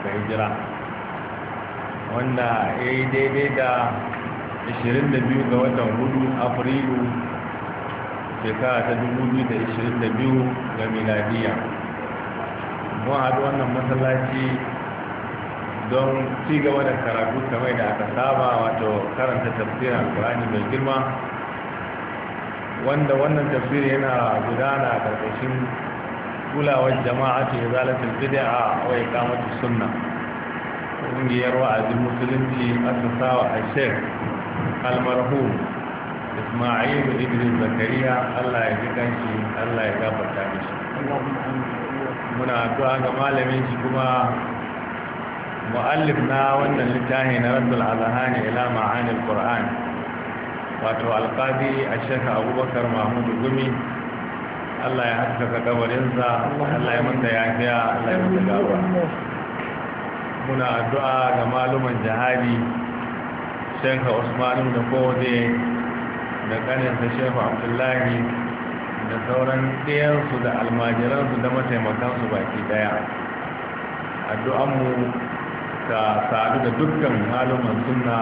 da hijira wanda ya yi daidai da 22 ga watan hudu afrilu shekara ta 2022 ga miladiya mun haɗu wannan matsalaci don ci gaba da karatu kamar da aka saba wato karanta tafsirin alkurani mai girma wanda wannan tafsirin yana gudana a ƙarƙashin kulawar jama'a ce zalatul bid'a wa iqamatus sunna ƙungiyar wa'azin musulunci asasawa a sheikh almarhum isma'il idris zakariya allah ya ji kanshi allah ya gafarta mishi muna addu'a ga malamin shi kuma mu'allif na wannan littafin na raddul azhani ila ma'anil qur'an wato alqadi a sheikh abubakar mahmud gumi Allah ya haskaka kabarinsa Allah ya manta yafiya Allah ya manta gawa muna addu'a ga maluman jihadi shekha usmanu da kode da da shekha abdullahi da sauran ɗayansu da almajiransu da mataimakansu baki daya mu ta sadu da dukkan maluman sunna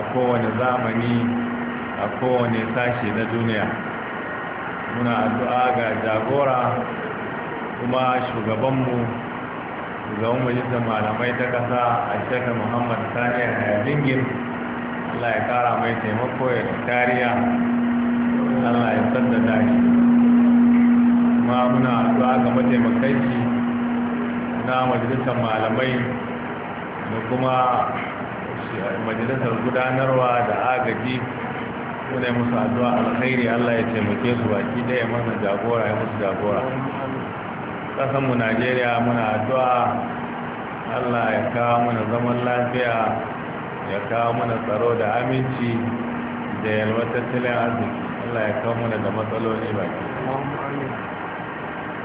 a kowane zamani a kowane sashi na duniya muna addu'a ga jagora kuma shugabanmu shugaban majalisar malamai ta kasa a shekar muhammad saniya da jingin allah ya ƙara mai taimako ya kariya allah ya da shi kuma muna addu'a ga mataimakai na majalisar malamai da kuma majalisar gudanarwa da agaji sune musu addu'a alkhairi Allah ya taimake su baki daya mana jagora ya musu jagora mu Najeriya muna addu'a Allah ya kawo mana zaman lafiya ya kawo mana tsaro da aminci da yalwar tattalin arziki Allah ya kawo mana da matsaloli baki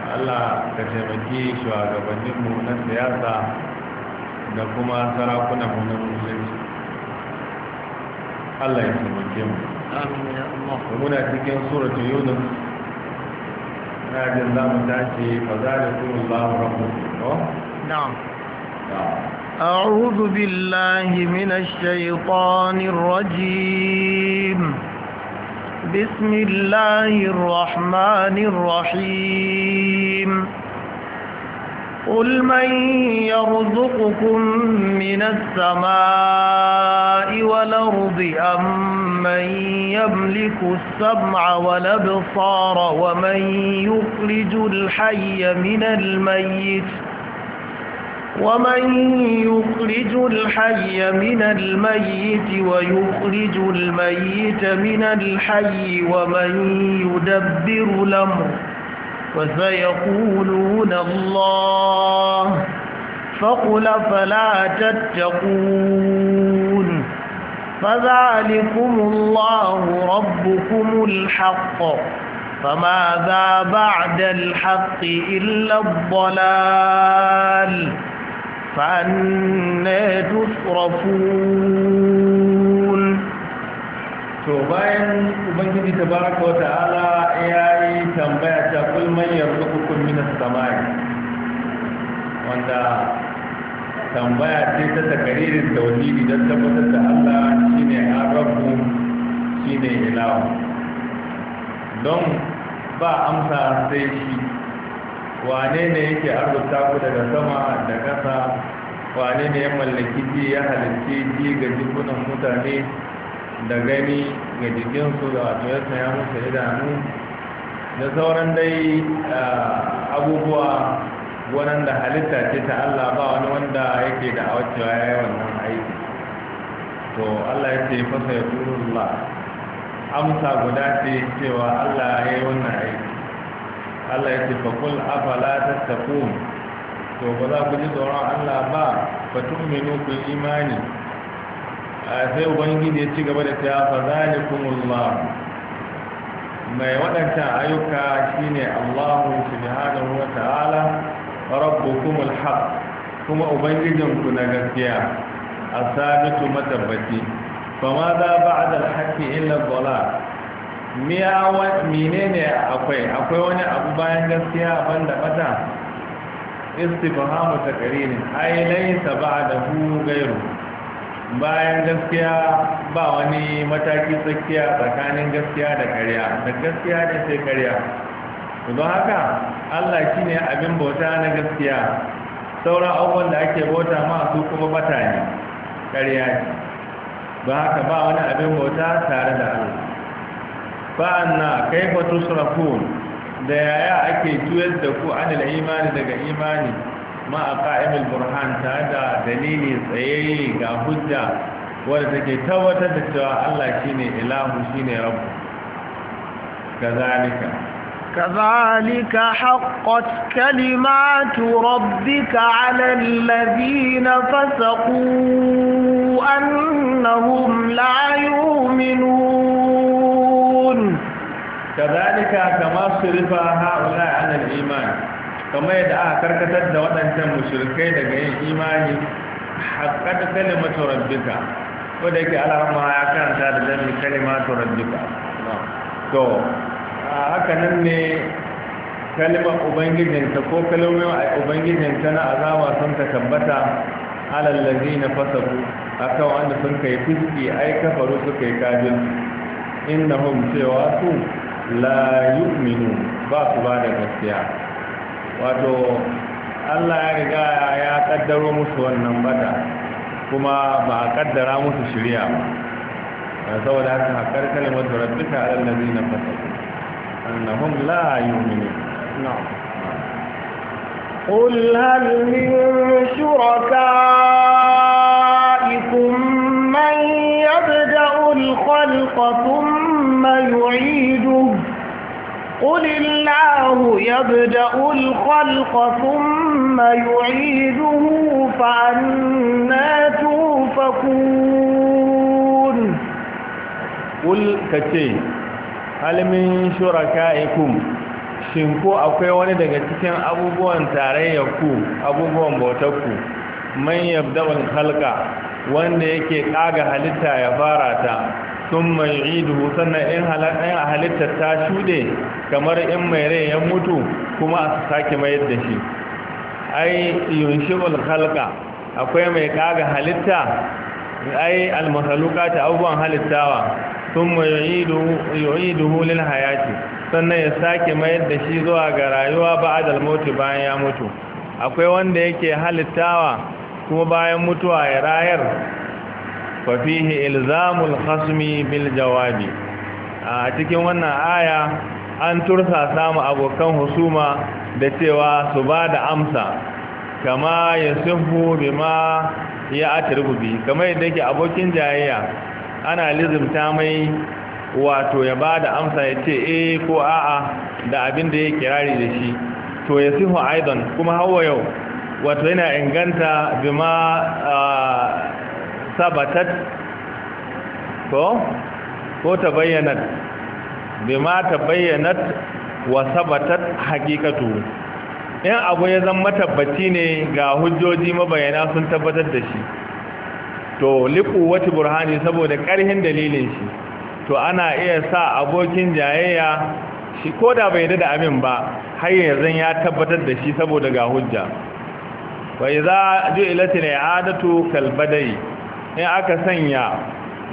Allah ka taimaki shugabanninmu na siyasa da kuma sarakunanmu na musulunci Allah ya taimake mu آمين يا الله ومنا تكين سورة يونس نادي الله تأتي فذلكم الله ربكم نعم آه. أعوذ بالله من الشيطان الرجيم بسم الله الرحمن الرحيم قل من يرزقكم من السماء والأرض أم من يملك السمع والأبصار ومن يخرج الحي من الميت ومن يخرج الحي من الميت ويخرج الميت من الحي ومن يدبر الأمر وسيقولون الله فقل فلا تتقون فذلكم الله ربكم الحق فماذا بعد الحق إلا الضلال فأنا تصرفون to bayan ubangiji baraka wa ta'ala ya yi tambaya ta kulman man yarzuqukum min samari, wanda tambaya ce ta takaririn tauhidi don tabbatar da Allah shi rabu arabu ne ilahu don ba amsa sai shi wane ne yake arzuta ku daga sama da kasa, wane ne ya mallaki ji ya halitta ji ga jikunan mutane da gani ga jikinsu da wato ya saya musu idanu da sauran dai abubuwa da halitta ce ta Allah ba wani wanda yake da awacewa ya yi wannan aiki to Allah ya ce fasa ya zuwa amsa guda ce cewa Allah ya yi wannan aiki Allah ya ce fakul afala tafi to ba za ku ji tsoron Allah ba tun tu'minu ku imani sai ubangiji ya ci gaba da ta fa zalikumullah mai waɗancan ayyuka shine Allahu subhanahu wa ta'ala rabbukumul haq kuma ubangijin ku na gaskiya asabitu matabbaci fa ma za ba'da al-haqqi illa dhalal miya menene akwai akwai wani abu bayan gaskiya banda bata istifhamu takririn ai laysa ba'dahu ghayru bayan gaskiya ba wani mataki tsakiya tsakanin gaskiya da karya da gaskiya ne sai karya don haka allah ne abin bauta na gaskiya sauran abubuwan da ake bauta ma su kuma bata ne karya ne Ba haka ba wani abin bauta tare da allah ba'an na kai batu da yaya ake juyar da ku an imani daga imani ما قائم البرهان تادا دليلي صيلي غا حجة ورزكي توتا دكتوى الله شيني إله شيني رب كذلك كذلك حقت كلمات ربك على الذين فسقوا أنهم لا يؤمنون كذلك كما صرف هؤلاء عن الإيمان kamar yadda aka karkatar da waɗancan mushrikai daga yin imani haqqat kalimatu rabbika ko da yake alama ya karanta da dami kalimatu rabbika to haka nan ne kalimar ubangijinta ko a ubangijinta na azama sun ta tabbata alal ladina fasabu kan wanda sun kai fuski ai kafaru suka yi kafir hum cewa su la yu'minu ba su ba da gaskiya wato allah ya riga ya kaddaro musu wannan bada kuma ba a kaddara musu shirya ba saboda haka haƙar kalmar rabbika alal ladina fasaqu annahum la yu'minun na'am قل هل من شركائكم من يبدأ الخلق ثم يعيده قل الله يبدأ الخلق ثم يعيده فأنا توفكون قل كتي هل من شركائكم shinko akwai wani daga cikin abubuwan tarayyarku abubuwan bautarku man yabda halka wanda yake kaga halitta ya fara ta sun mai idu sannan in halittar ta shuɗe kamar in mai rai ya mutu kuma a sake mayar da shi ai yunshibul halka akwai mai kaga halitta ai almasaluka ta abubuwan halittawa sun mai idu lil hayati sannan ya sake mayar da shi zuwa ga rayuwa ba'ad almauti bayan ya mutu akwai wanda yake halittawa kuma bayan mutuwa ya rayar ففيه ilzamul الخصم bil jawabi a cikin wannan aya an tursa samu abokan husuma da cewa su ba da amsa kama ya bima ya bi kama yadda ke abokin jayayya ana lizimta mai wato ya ba amsa ya ce eh ko a'a da abin da ya kirari da shi to ya aidan kuma hawa yau wato yana inganta bima sabatat ko ko ta bayyanat bima ta bayyanat wa sabatat haqiqatu in abu ya zama tabbaci ne ga hujjoji mabayana sun tabbatar da shi to liku wata burhani saboda ƙarhin dalilin shi to ana iya sa abokin jayayya shi ko da bai da amin ba har yanzu ya tabbatar da shi saboda ga hujja wa idza ju'ilatil i'adatu kal badai in aka sanya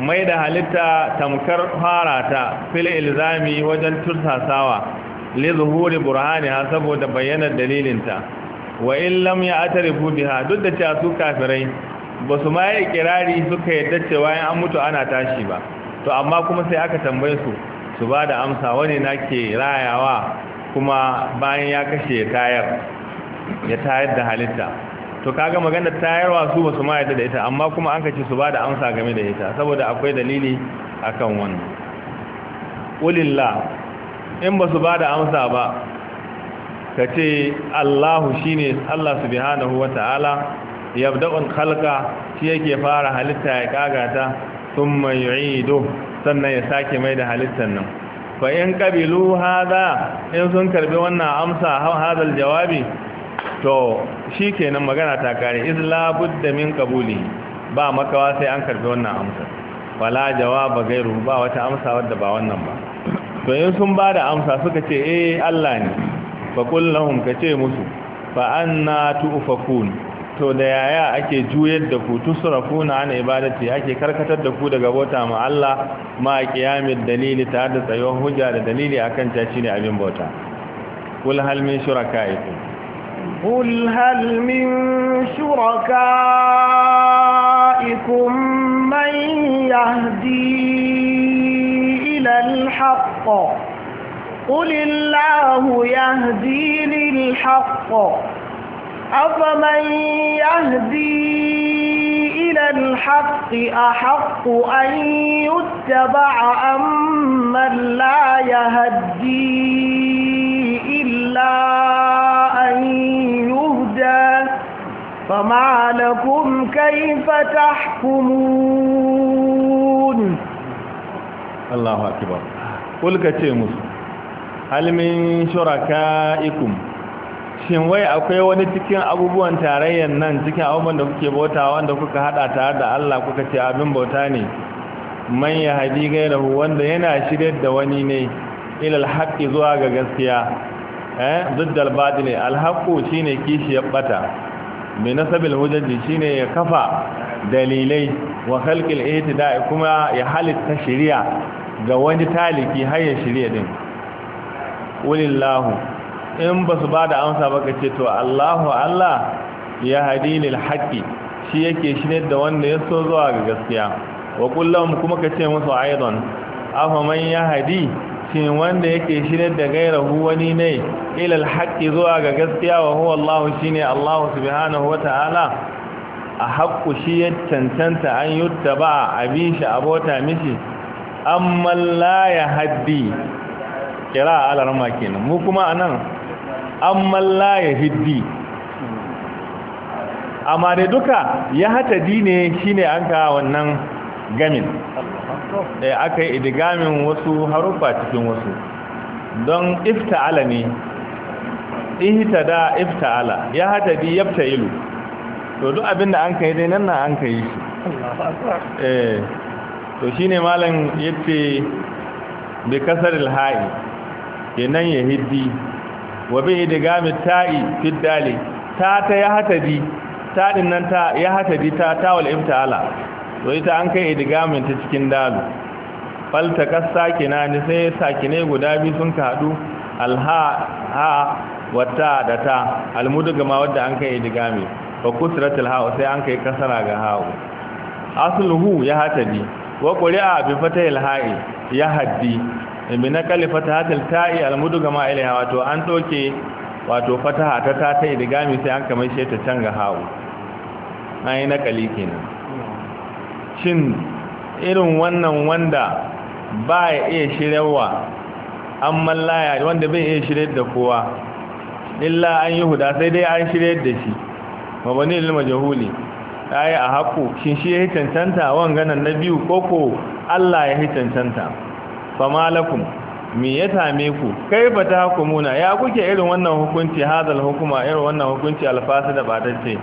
mai da halitta tamkar ta fil ilzami wajen tursasawa li zuhuri ha saboda bayyanar dalilinta wa in lam atarifu biha duk da cewa su kafirai ba su mai kirari suka yadda cewa in an mutu ana tashi ba to amma kuma sai aka tambaye su su ba da amsa wani nake rayawa kuma bayan ya kashe tayar ya tayar da halitta to kaga magana tayarwa su basu ma da ita amma kuma an kace su bada amsa game da ita saboda akwai dalili akan wannan ulilla in basu bada amsa ba kace Allahu shine Allah subhanahu wataala yabda'un khalqa shi yake fara halitta ya kagata thumma yu'idu sannan ya sake mai da halittar nan fa in qabilu hadha in sun karbi wannan amsa hadal jawabi to shi kenan magana ta kare iz labudda min kabuli ba makawa sai an karbi wannan amsa wala jawaba gairu ba wata amsa wadda ba wannan ba to in sun ba da amsa suka ce eh Allah ne fa qul lahum kace musu fa anna tu'fakun to da yaya ake juyar da ku tusrafuna an ibadati ake karkatar da ku daga bauta ma Allah ma kiyamin dalili ta da tsayuwar hujja da dalili akan ta shine abin bauta kul hal min shurakaikum قل هل من شركائكم من يهدي إلى الحق قل الله يهدي للحق أفمن يهدي إلى الحق أحق أن يتبع أم من لا يهدي إلا فما لكم كيف تحكمون الله أكبر قل كتيمس هل من شركائكم shin wai akwai wani cikin abubuwan tarayyan nan cikin abubuwan da kuke bauta wanda kuka hada tare da Allah kuka ce abin bauta ne man ya haɗi gairahu wanda yana shiryar da wani ne ilal haƙƙi zuwa ga gaskiya eh zuddal badile alhaqqu shine kishiyar bata bi nasabil shi shine ya kafa dalilai wa khalqil ihtida'i kuma ya halitta shirya ga wani taliki har ya shari'a din ulillahu in basu bada amsa ba kace to Allahu Allah ya hadi lil shi yake shine da wanda ya so zuwa ga gaskiya wa kullum kuma ce musu aidan afa man ya hadi cikin wanda yake shirar da gairahu wani ne ilal haƙƙi zuwa ga gaskiya wa huwa Allah shine Allah subhanahu ta'ala a haƙƙu shi ya cancanta an yutta ba a abin shi abota mishi amma la ya haddi kira alarma kenan mu kuma anan amma la ya hiddi amma da duka ya hatadi ne shine an ka wannan gamin da eh, aka yi idigamin wasu haruffa cikin wasu don ifta'ala ne ihtada ifta'ala ya bi yabta'ilu to duk abinda an kai dai nan na an kai shi eh to shine malam yace bi kasar al-ha'i kenan ya hiddi wa bi idgami ta'i fi dali ta ta ya hata ta din nan ta ya hatadi ta ta wal ifta'ala to ita an kai idigamin ta cikin dalu fal kasa kina ne sai sakine guda biyu sun ka hadu alha ha wata da ta almudugama wadda an kai idigami fa kusratul ha sai an kai kasara ga ha asluhu ya hatadi wa quri'a bi fatahil ha'i ya haddi bi naqali fatahatil ta'i almudugama ilaiha wato an doke wato fataha ta ta ta idigami sai an kai shi ta can ga ha'u na yi kenan shin irin wannan wanda ba ya iya shirarwa an mallaya wanda bai iya shirar da kowa illa an yi huda sai dai an shirar da shi mabani ilma jahuli ta yi a haku shin shi ya yi cancanta wanganan na biyu koko allah ya yi cancanta famalakum me ya same ku kai ba ta muna ya kuke irin wannan hukunci hazal hukuma irin wannan hukunci alfasa da batacce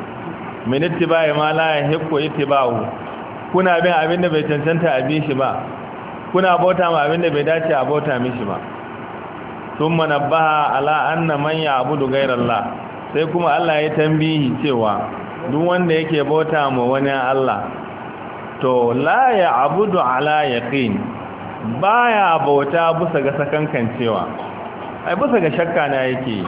min ittiba'i ma la yahiqqu ittiba'u kuna bin abin da bai cancanta a bi shi ba kuna bauta ma abin da bai dace a bauta mishi ba sun manabbaha ala anna man da ghayrallah sai kuma Allah ya tambihi cewa duk wanda yake bauta ma wani Allah to la ya da ala ba baya bauta bisa ga sakankan cewa ai bisa ga shakka na yake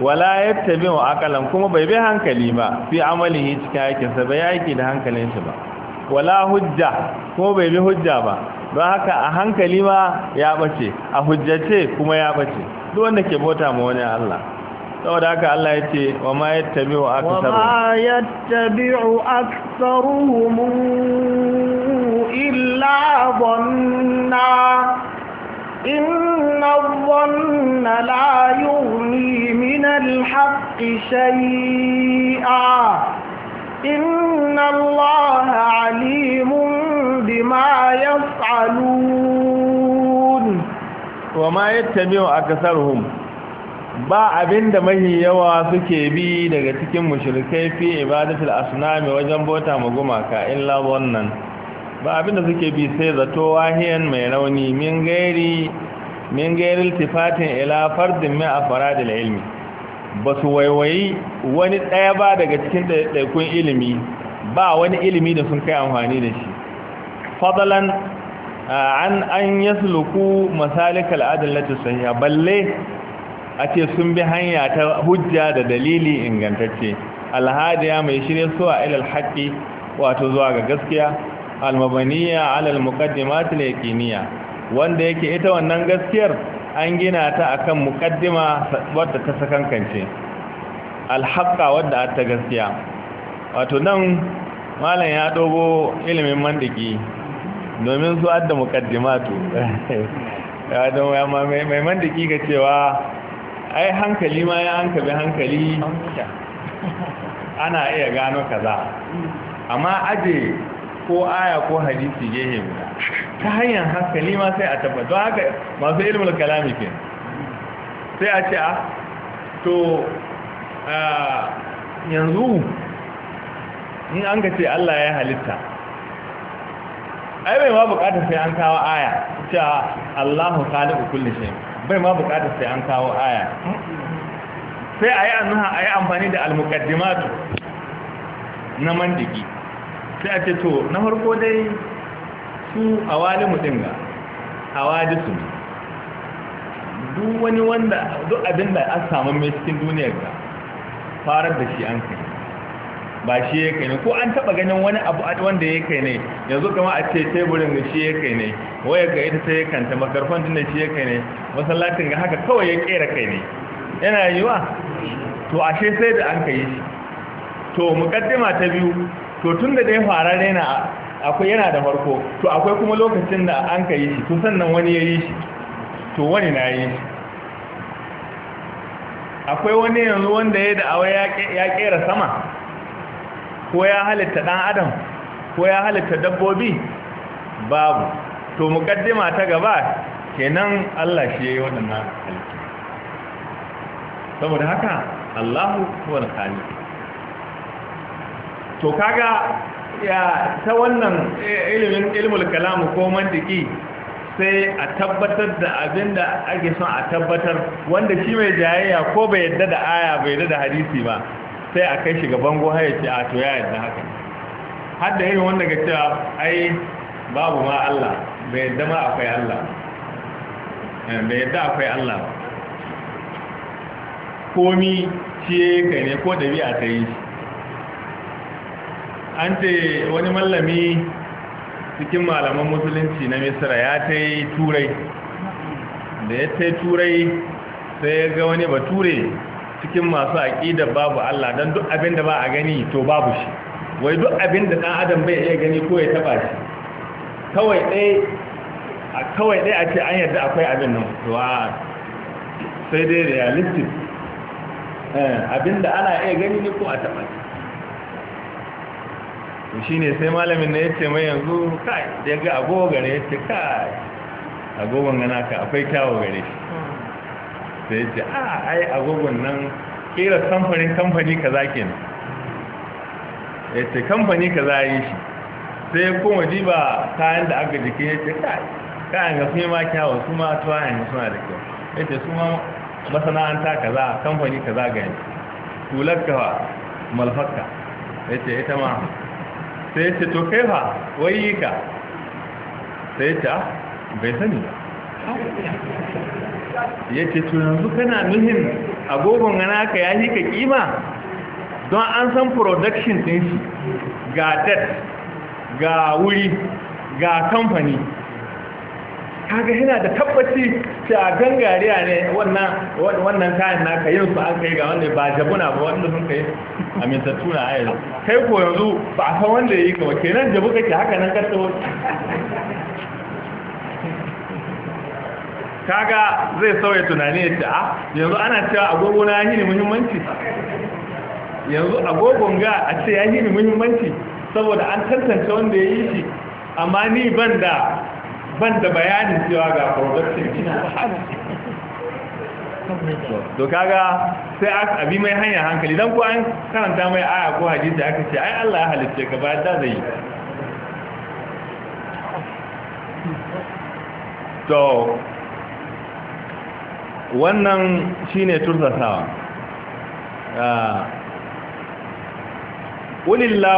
wala ya wa akalan kuma bai bi hankali ba fi amalihi cikin aikinsa ba yake da hankalin shi ba wala hujja ko bai bi hujja ba don haka a hankali ma ya bace a hujjace kuma ya bace duk wanda ke bota ma wani Allah saboda haka Allah ya ce wa ma yattabi'u aktsaruhum wa ma yattabi'u mu, illa dhanna inna dhanna la yughni min al-haqqi shay'a إن الله عليم بما يفعلون وما يتبع أكثرهم ba abin da mahi yawa suke bi daga cikin mushrikai fi ibadatul asnami wajen bota mu gumaka illa wannan ba abin da suke bi sai zato wahiyan mai rauni min gairi min gairil tifatin ila fardin min afradil ilmi ba su waiwayi wani ɗaya ba daga cikin ɗaiɗaikun ilimi ba wani ilimi da sun kai amfani da shi fadalan an an yasluku masalikal adallatu sahiha balle a ce sun bi hanya ta hujja da dalili ingantacce alhadiya mai shirya suwa ilal haƙi wato zuwa ga gaskiya almabaniya alal muƙaddimatul al wanda yake ita wannan gaskiyar an gina ta a kan mukaddima wadda ta sakankance alhaka wadda a ta gaskiya wato nan malam ya dogo ilimin mandiki domin su adda mukaddima tu. ya mai mandiki ga cewa ai hankali ma ya hankali hankali ana iya gano kaza amma aje ko aya ko hadisi gehe guda ta hanyar hankali ma sai a tabbata don haka masu ilmul kalami ke sai a ce ah, a to yanzu in an ga ce Allah ya halitta ai bai ma bukatar sai an kawo aya cewa Allahu khaliqu kulli shay bai ma bukatar sai an kawo aya sai ayi annaha ayi amfani da al na mandiki sai a ce to na farko dai su a wani mutum ga awadisu ne duk wani wanda duk abin da an samun mai cikin duniyar ga farar da shi an kai ba shi ya kai ne ko an taba ganin wani abu a wanda ya kai ne yanzu kama a ce teburin shi ya kai ne waya ga ita ta ya kanta makarfan dinda shi ya kai ne masallacin ga haka kawai ya kera kai ne yana yiwa to ashe sai da an kai shi to mukaddima ta biyu to tun da dai fara rena akwai yana da farko to akwai kuma lokacin da an ka yi shi to sannan wani ya yi shi to wani na yi shi akwai wani yanzu wanda ya da'awa ya kera sama ko ya halitta dan adam ko ya halitta dabbobi babu to mukaddima ta gaba kenan Allah shi ya yi waɗannan halittu saboda haka Allahu huwal khaliq to kaga ta wannan ilimin ilmul kalamu ko mantiki sai a tabbatar da abinda ake son a tabbatar wanda shi mai jayayya ko bai yadda da aya bai yadda da hadisi ba sai a kai shiga bango har ya ce a to ya yadda haka har da irin wanda ga cewa ai babu ma Allah bai yadda ma akwai Allah eh, bai yadda akwai Allah komi ce kai ne ko dabi'a ta yi shi an ce wani mallami cikin malaman musulunci na misira ya ta yi turai da ya ta yi turai sai ya ga wani bature cikin masu aƙida babu Allah don duk abin da ba a gani to babu shi wai duk abin da ɗan adam bai iya gani ko ya taɓa shi kawai ɗai a ce an yadda akwai abin nan to a sai dai realistic eh, abin da ana iya gani ne ko a taɓa shi to shine sai malamin na yace mai yanzu kai da ga agogo gare yace kai agogon gana ka akwai kyawo gare shi sai yace a ah, ai agogon nan kira kamfanin kamfani kaza kenan yace kamfani kaza yi shi sai ya koma jiba kayan da aka jikin yace kai kayan ga fi ma kyawo su ma tuwayen suna da kyau yace su ma masana'anta kaza kamfani kaza gani tulakka malfakka yace ita ma sai ce to kai fa wai yi ka sai ta ah, bai sani ya ce to yanzu kana nuhin agogon gana ka ya yi ka kima don an san production din shi ga dat ga wuri ga kamfani kaga yana da tabbaci a gangariya ne wannan kayan naka yin su an kai ga wanda ba jabuna ba wanda sun kai amintattu na ayar kai ko yanzu ba a san wanda ya yi kama kenan jabu kake haka nan kaga zai sauya tunani ya ce a ah, yanzu ana cewa agogo na yahi ne muhimmanci yanzu agogon ga a ce yahi ne muhimmanci saboda an tantance wanda ya yi shi amma ni ban da ban da bayanin cewa ga production ina to kaga sai aka abi mai hanya hankali don ko an karanta mai aya ko hadisi aka ce ai Allah ya halitta ka ba da zai to wannan shine tursasawa ah, ka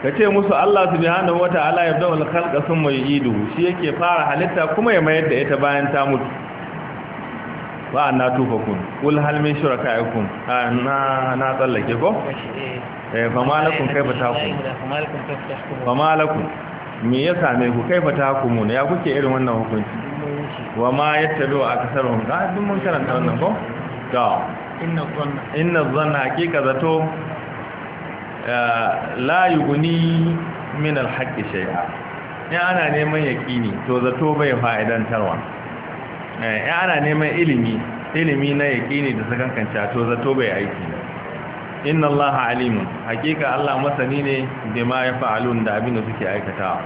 kace musu Allah subhanahu wataala yabda'ul khalqa mai yu'iduhu shi yake fara halitta kuma ya mayar da ita bayan ta mutu wa na tufa kun kul hal min shurakaikum na na tsallake ko eh fa malakum kaifa takum fa malakum me ya same ku kaifa takum ne ya kuke irin wannan hukunci wa ma yattabi'u aksaruhum ga duk mun karanta wannan ko to inna dhanna inna dhanna hakika zato eh, la yughni min al-haqqi shay'a ya ana neman yaqini to zato bai fa'idantarwa ya eh, ana neman ilimi ilimi na yaƙini da sakankan cato zato bai aiki inna Allah alimun hakika Allah masani ne da ma ya fa'alun da abin da suke aikata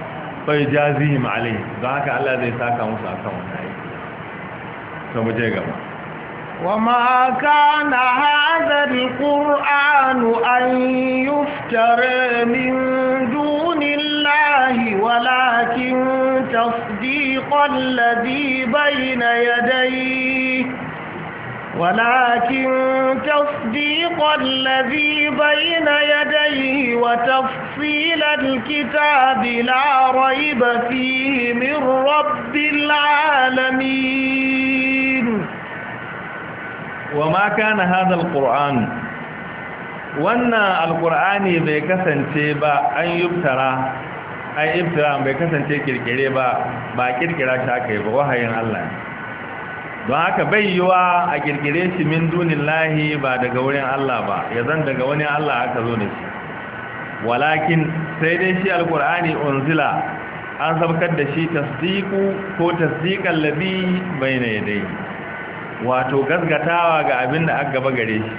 bai jazihim alai don haka Allah zai saka musu a kan wani aiki to mu je gaba Wa magana هذا القرآن an yi من دون الله ولكن تصديق الذي بين يديه ولكن تصديق الذي بين يديه وتفصيل الكتاب لا ريب فيه من رب العالمين وما كان هذا القرآن وأن القرآن بكثن تيبا أن يبترى ai iftira bai kasance kirkire ba ba kirkira shi aka yi ba wahayin Allah don haka bai yiwa a kirkire shi min dunin lahi ba daga wurin Allah ba ya zan daga wani Allah aka zo da shi walakin sai dai shi alkur'ani unzila an sabkar da shi tasdiku ko tasdikan labi bai na yadai wato gasgatawa ga abin da aka gaba gare shi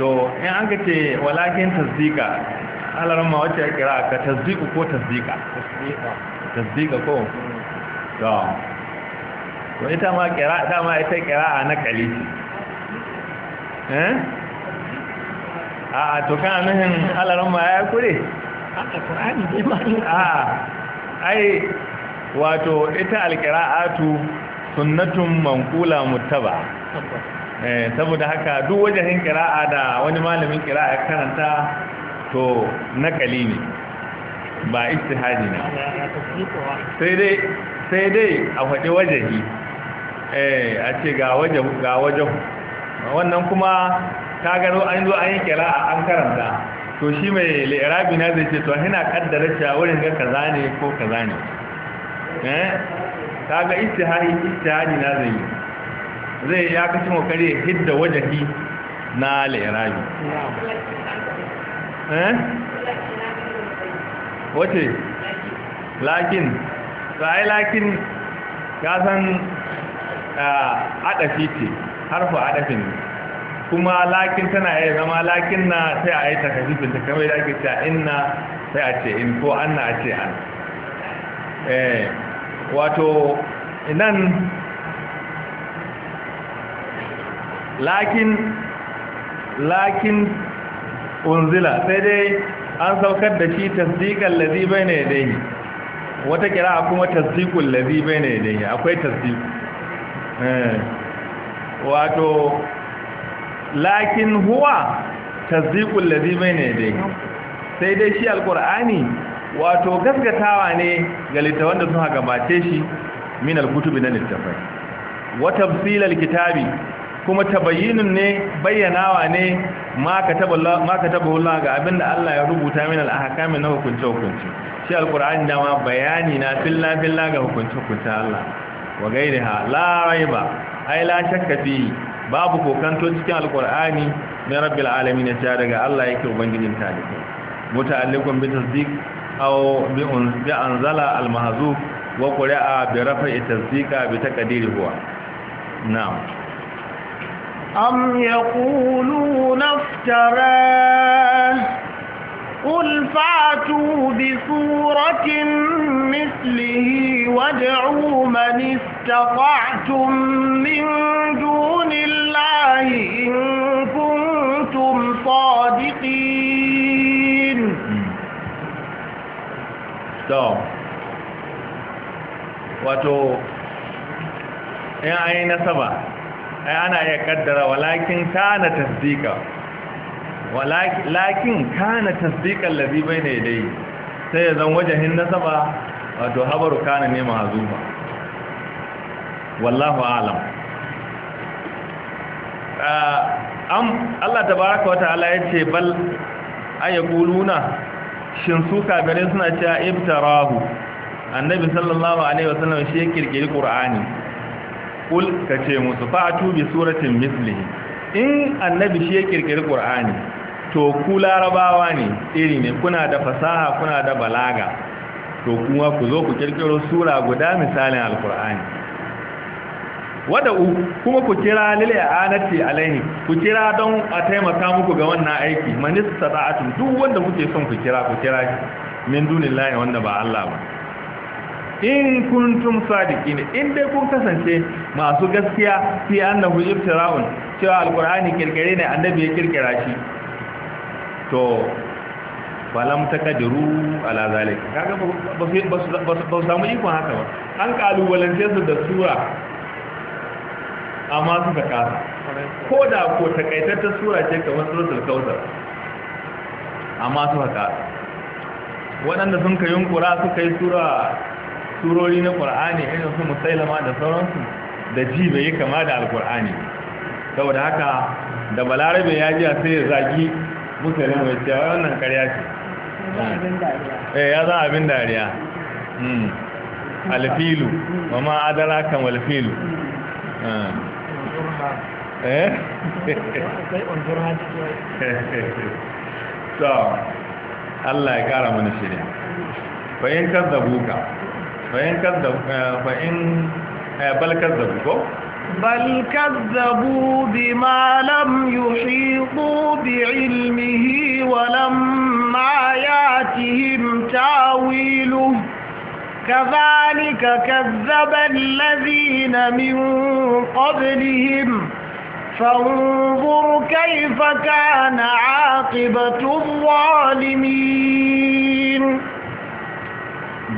to in an ka ce walakin tasdika alaran ma wacce ya kira ka tasdiku ko tasdika tasdika ko to to ita ma kira ita ma ita kira a nakali eh a a to kan nuhin alaran ma ya kure a qur'ani dai ma a ai wato ita alqira'atu sunnatun manqula muttaba eh saboda haka duk wajen kira'a da wani malamin kira'a karanta to nakali ne ba istihadi na sai dai sai dai a faɗi wajahi eh a ce ga waje ga wajahu wannan kuma ta gano an zo an yi kira'a an karanta to shi mai lirabi na zai ce to hina kaddara cewa wurin ga kaza ne ko kaza ne eh ta ga istihadi istihadi na zai yi zai ya kashi mokari hidda wajahi na lirabi eh wace lakin sai lakin ya san ah, adafi ce harfa adafin kuma lakin tana iya zama lakin na sai a yi takasifin ta kamar yake ake cewa inna sai a ce in ko anna a ce an eh wato nan lakin lakin unzila sai dai an saukar da shi tasdiqan ladhi bayna yadayhi wata kira kuma tasdiqul ladhi bayna yadayhi akwai tasdiq eh wato lakin huwa tasdiqul ladhi bayna yadayhi sai dai shi alqur'ani wato gaskatawa ne ga littafan da haka bace shi min alkutubi na littafai wa tafsilal kitabi kuma ta ne bayyanawa ne ma kataba Allah ga abinda Allah ya rubuta min al na hukunce hukunce shi alqur'ani dama bayani na filla filla ga hukunce hukunce Allah wa gairiha la raiba ai la babu kokanto cikin alqur'ani min rabbil na ta daga Allah yake ubangijin talibi muta'alliqun bi tasdiq aw bi anzala al-mahzuf wa qira'a bi rafa'i huwa na'am أم يقولون افتراه قل فاتوا بسورة مثله وادعوا من استطعتم من دون الله إن كنتم صادقين wato ‘yan يا na saba’ ai ana iya kaddara walakin kana tasdika walakin kana tasdikan ladhi bayna yadayhi sai ya zan wajahin nasaba wato habaru kana ne mahzuma wallahu a'lam ah, am Allah tabaaraka wa ta'ala yace bal ayquluna shin su kafirai suna cewa ibtarahu annabi sallallahu alaihi wasallam shi ya kirkiri qur'ani kul ka ce musu fatu bi suratin mislihi in annabi shi ya kirkiri qur'ani to ku larabawa ne iri ne kuna da fasaha kuna da balaga to kuma ku zo ku kirkiro sura guda misalin alqur'ani wada u kuma ku kira lil anati alaihi ku kira don a taimaka muku ga wannan aiki manista da'atu duk wanda kuke son ku kira ku kira min dunillahi wanda ba Allah ba in kuntum sadiqin in dai kun kasance masu gaskiya fi annahu ibtira'un cewa alqur'ani kirkire ne annabi ya kirkira shi to falam takadiru ala zalik kaga ba su samu ikon haka ba an kalubalance su da sura amma suka kasa ko da ko takaitattar sura ce kamar suratul kautsar amma suka kasa waɗanda sun ka yunkura suka yi sura surori na ƙur'ani irin su musailama da sauransu da ji bai yi kama da alƙur'ani saboda haka da balarabe ya ji a sai ya zagi musulun mai cewa wannan karya ce ya za abin dariya eh, hmm. alfilu mama adara kan alfilu hmm. eh? so Allah ya kara mana shirya bayan kan zabuka فإن كذب فإن آه، بل كذبوا بل كذبوا بما لم يحيطوا بعلمه ولما ياتهم تاويله كذلك كذب الذين من قبلهم فانظر كيف كان عاقبة الظالمين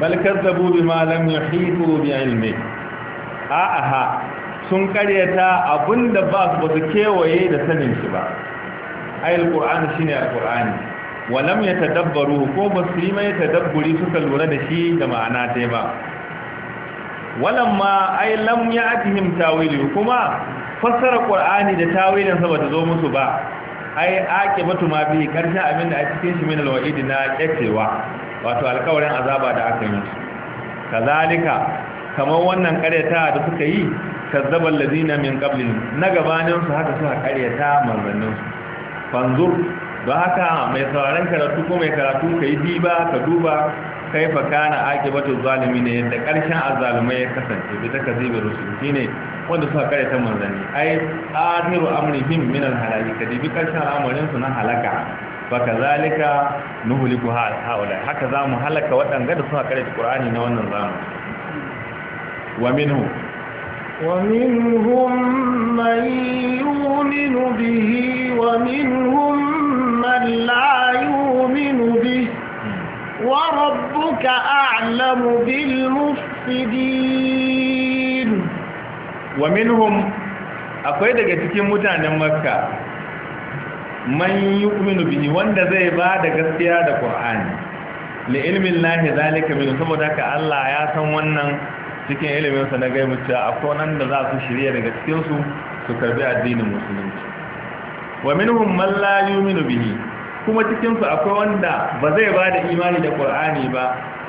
bal kazzabu bima lam yuhitu bi ilmi aha sun karyata abinda ba su basu kewaye da sanin shi ba ayil qur'ani shine alqur'ani wa lam yatadabbaru ko basu yi mai tadabburi suka lura da shi da ma'ana dai ba ma ai lam ya'tihim tawili kuma fassara qur'ani da tawilin sa bata zo musu ba ai aqibatu ma bi karshen abin a cikin shi min alwa'id na kacewa wato alkawarin azaba da aka yi kazalika kamar wannan karyata da suka yi kazzaban lazina min qablin na gabanin su haka suka karyata manzannin su fanzur don haka mai sauraron karatu ko mai karatu ka yi diba ka duba kai fa kana akibatu zalimi ne yadda karshen azzalumai ya kasance bi taka zibi rusul shine wanda suka karyata manzanni ai akhiru amrihim min al-halaki kadi bi karshen al'amarin su na halaka fakazalika nuhliku haula haka zamu halaka waɗanda da suka karanta Qur'ani na wannan zamu. wa minhu wa minhum man yu'minu bihi wa minhum man la yu'minu bihi wa rabbuka a'lamu bil mufsidin wa minhum akwai daga cikin mutanen Makka man yu'minu bihi wanda zai ba da gaskiya da qur'ani li ilmin lahi zalika min saboda ka Allah ya san wannan cikin ilimin sa na gaibu cewa akwai nan da za su shirye daga cikin su su karbi addinin musulunci wa minhum man la yu'minu bihi kuma cikin su akwai wanda ba zai ba da imani da qur'ani ba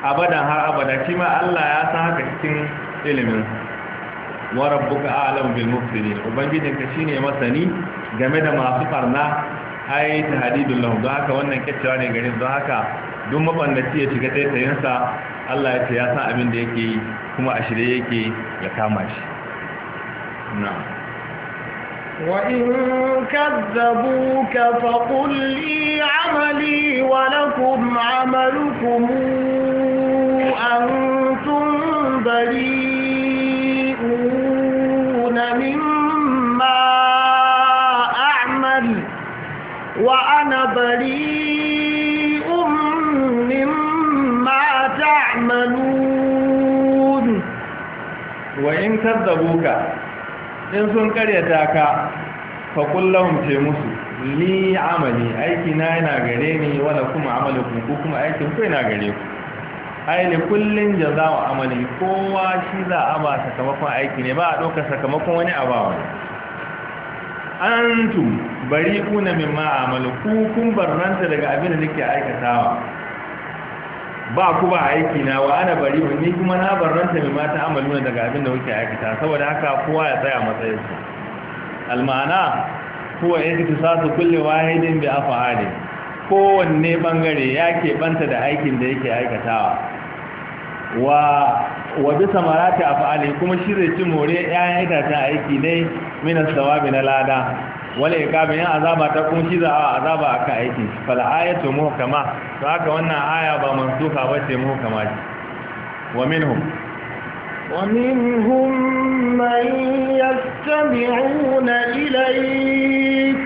abadan har abada shi ma Allah ya san haka cikin ilimin wa rabbuka a'lamu bil mufsidin ubangijinka shine masani game da masu farna ai tahdidul lahum don haka wannan kyakkyawa ne garin don haka duk mabandaci ya shiga taitayinsa Allah ya ce ya san abin da yake yi kuma a shirye yake ya kama shi وإن كذبوك فقل لي عملي ولكم عملكم أنا بريء مما تعملون وإن كذبوك إن سنكريتاك فقل لهم تيمسوا li amali aiki na yana gare ni wala kuma amalikum ko kuma aikin ku yana gare ku ai ne kullun jaza'u amali kowa shi za a ba sakamakon aiki ne ba a ɗaukar sakamakon wani abawa ne antum bari'una ma amalu ku kun barranta daga abin da nake aikatawa ba ku ba aiki na wa ana bari ni kuma na barranta ma ta amalu daga abin da kuke aikata saboda haka kowa ya tsaya matsayin sa almana huwa iktisasu kulli wahidin bi af'ali kowanne bangare yake banta da aikin da yake aikatawa wa wa bi samarati af'ali kuma shi cin ci more ƴaƴan itacen aiki ne minas sawabi na lada wala iqabi yan azaba ta kuma shi za a azaba akan aiki ce ayatu muhkama to haka wannan aya ba mansuka bace muhkama ce wa minhum ومنهم من يستمعون إليك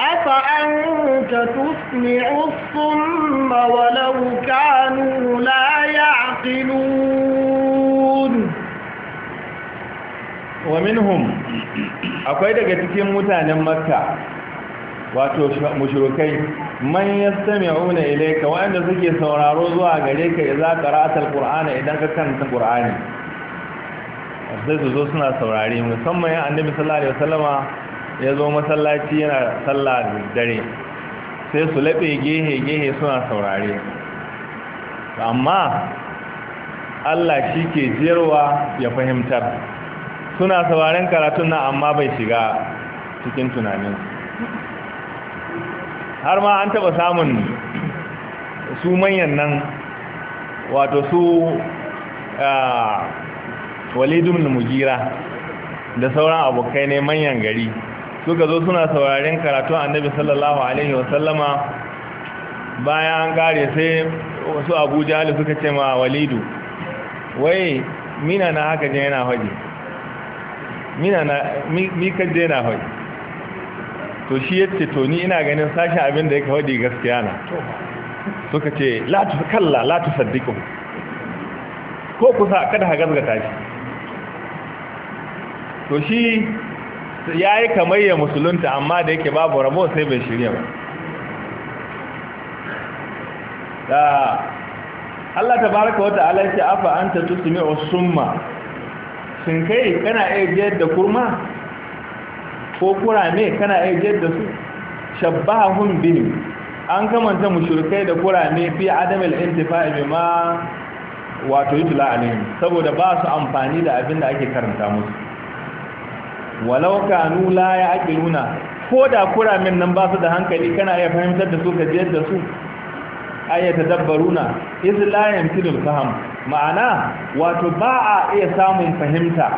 أفأنت تسمع الصم ولو كانوا لا يعقلون wa minhum akwai daga cikin mutanen makka wato mushrikai man yastami'una ilayka wa'anda suke sauraro zuwa gare ka idza qara'atal qur'ana idan ka karanta qur'ani sai su zo suna saurare musamman ya annabi sallallahu alaihi wasallama ya zo masallaci yana sallah da dare sai su laɓe gehe gehe suna saurare amma Allah shi ke jiyarwa ya fahimtar suna sauraren karatun nan amma bai shiga cikin tunanin har ma an taba samun su manyan nan wato su walidun Mujira, da sauran abokai ne manyan gari suka zo suna sauraren karatun annabi sallallahu alaihi wasallama bayan an kare sai wasu abuja suka ce ma walidu wai mina na haka je yana haji mina na mi ka na hoyi to shi yace to ni ina ganin sashi abin da yake hodi gaskiya na suka ce la tu kalla la tu saddiqu ko kusa kada ka gazgata shi to shi yayi kamar ya musulunta amma da yake babu rabo sai bai shirya ba da Allah tabaraka wa ta'ala ya ce afa anta tusmi'u summa shin kai kana iya jiyar da kurma ko kurame kana iya jiyar da su shabbahun biyu, an kamanta mushrikai da kurame fi adamil intifa'i ma wato yutla alaihim saboda ba su amfani da abin da ake karanta musu walau kanu ake nuna ko da kuramin nan ba su da hankali kana iya fahimtar da su ka jiyar da su ayyata dabbaruna iz la yamkinu ma'ana wato ba a iya samun fahimta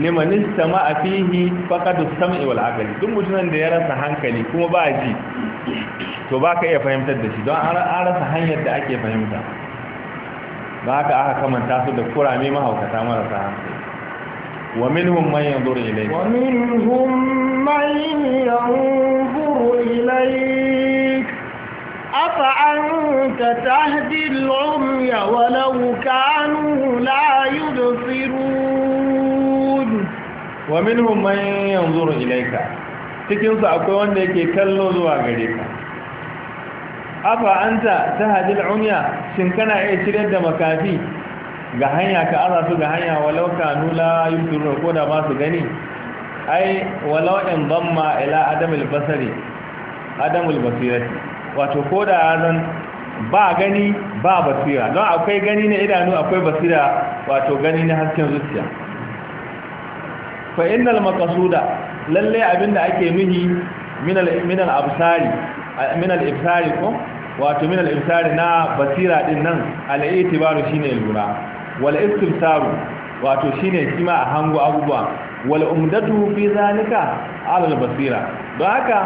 limanin sama a fihi sam'i iwal duk mutumin da ya rasa hankali kuma ba a ji to ba ka iya fahimtar da shi don an rasa hanyar da ake fahimta ba haka aka kamanta su da kurame mahaukata marasa hankali wa minhum man yanzuru ilayka wa minhum man yanzuru أفأنت تهدي العمي ولو كانوا لا يبصرون ومنهم من ينظر إليك cikinsu akwai wanda yake kallo zuwa gare ka afa anta ta hadil unya shin kana iya shiryar da makafi ga hanya ka aza su ga hanya walau kanu la yusuru ko da ba su gani ai walau in ila adamul basirati wato ko da ya ba gani ba basira don akwai gani na idanu akwai basira wato gani na hasken zuciya fa innal maqsuda lalle abinda ake nuhi min al min absari min ibsari ko wato min ibsari na basira din nan al itibaru shine lura wal istimsaru wato shine kima a hango abubuwa wal umdatu fi zalika ala basira don haka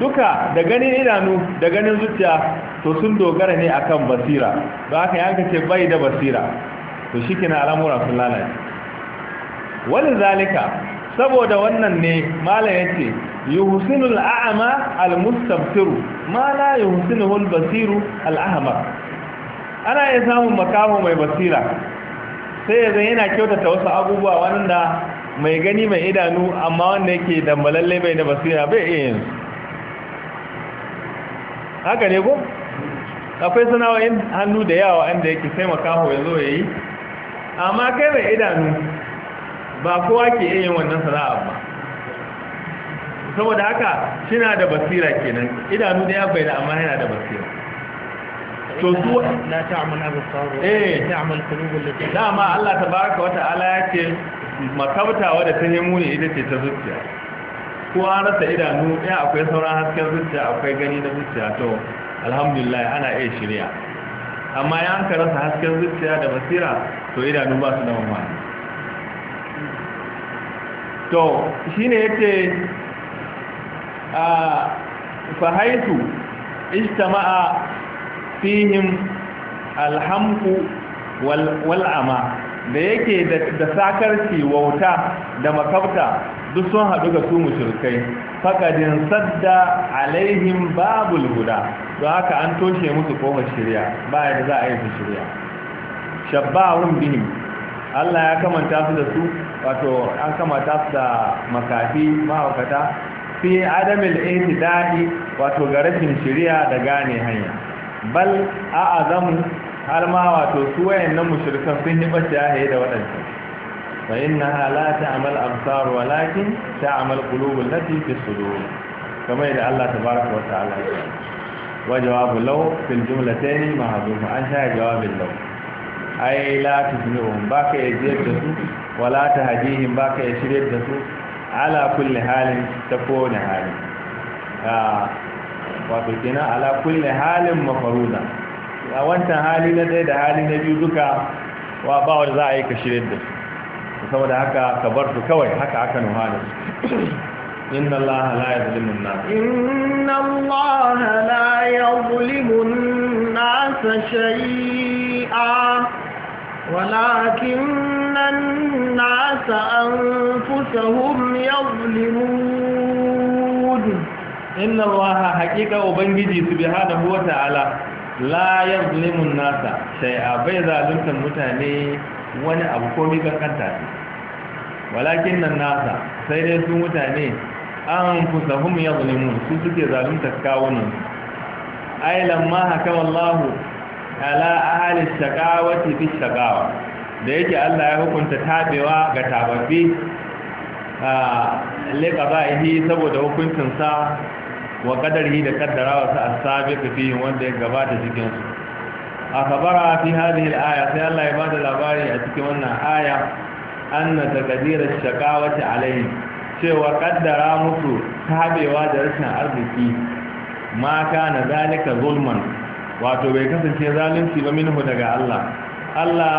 duka da ganin idanu da ganin zuciya to sun dogara ne akan basira don haka ya ce bai da basira to shikenan al'amura sun lalace wani zalika saboda wannan ne malam yace yuhsinul a'ma al ma la yuhsinuhu al basiru al ahmar ana iya samun makaho mai basira sai ya zai yana kyautata wasu abubuwa wanda mai gani mai idanu amma wanda yake malalle bai da basira bai iya yin haka ne ko akwai sana'o'in hannu da yawa inda yake sai makaho ya zo ya yi amma kai mai idanu ba kowa ke iya yin wannan sana'a ba saboda haka shina da basira kenan idanu da ya bai da amma yana da basira to su la ta'mal absar wa eh. ta'mal lati Da ma Allah tabaaraka wa ta'ala yake makabta da ta nemo ne ita ce ta zuciya ko an rasa idanu ɗaya akwai sauran hasken zuciya akwai gani na zuciya to alhamdulillah ana iya shirya amma ya an rasa hasken zuciya da basira to idanu ba su da mamani to shi ne ya ce a fahaitu ishtama'a fihim alhamku wal'ama da yake da sakarci wauta da makabta duk sun haɗu ga su mushrikai faqadin sadda alaihim babul guda to haka an toshe musu kofar shirya ba yadda za a yi shari'a shirya bihim Allah ya kamanta su da su wato an kamata su da makafi mahaukata fi adamil ihtidai wato garafin shari'a da gane hanya bal a'azamu har ma wato su wayannan mushrikan sun yi bace yahe da waɗansu fa innaha la ta'mal absar walakin ta'mal na allati su sudur kamar yadda Allah tabaraka wa ta'ala ya wa jawabu lau, fil jumlatayn mahdhuf an sha jawabin lau. ai la tusmi'uhum baka yajiyar da su wala tahdihim baka yashrir da su ala kulle halin ta kowane hali ah, wato kenan ala kulle halin mafaruda a wancan hali na ɗaya da hali na biyu duka wa ba wanda za a yi ka shirin da su saboda haka ka bar su kawai haka aka nuha da su inna allaha la yuzlimun nas inna allaha la yuzlimun nas shay'a ولكن الناس أنفسهم يظلمون إن su bi أبنجي سبحانه Ala. la yazlimun nasa sai a bai zaluntar mutane wani abu komi kankanta su walakin nan nasa sai dai su mutane an fusahum yazlimun su suke zaluntar kawunan Ailan ma haka wallahu ala ahli shaqawati fi shaqawa da yake Allah ya hukunta tabewa ga tababbi a liqabahi saboda hukuncinsa wa qadarihi da kaddarawa sa as-sabiq wanda ya gabata cikin su akhbara fi hadhihi al-aya sai Allah ya bada labari a cikin wannan aya anna taqdir ash-shaqawati alayhi cewa kaddara musu tabewa da rashin arziki ma kana zalika zulman wato bai kasance zalunci ba minhu daga Allah Allah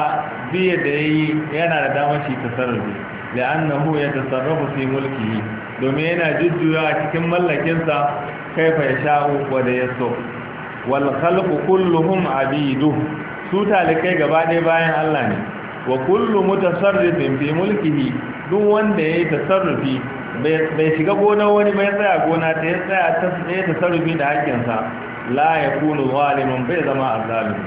biye da yayi yana da damar shi tasarrufi la'annahu yatasarrafu fi mulkihi domin yana jujjuya a cikin mallakinsa kaifa ya sha'u wadda ya so wal khalqu kulluhum abidu su talikai gaba ɗaya bayan Allah ne wa kullu mutasarrifin fi mulkihi duk wanda yayi tasarrufi bai shiga gona wani bai tsaya gona ta ya tsaya ta tsaya tasarrufi da hakkinsa la yakunu zaliman bai zama azalim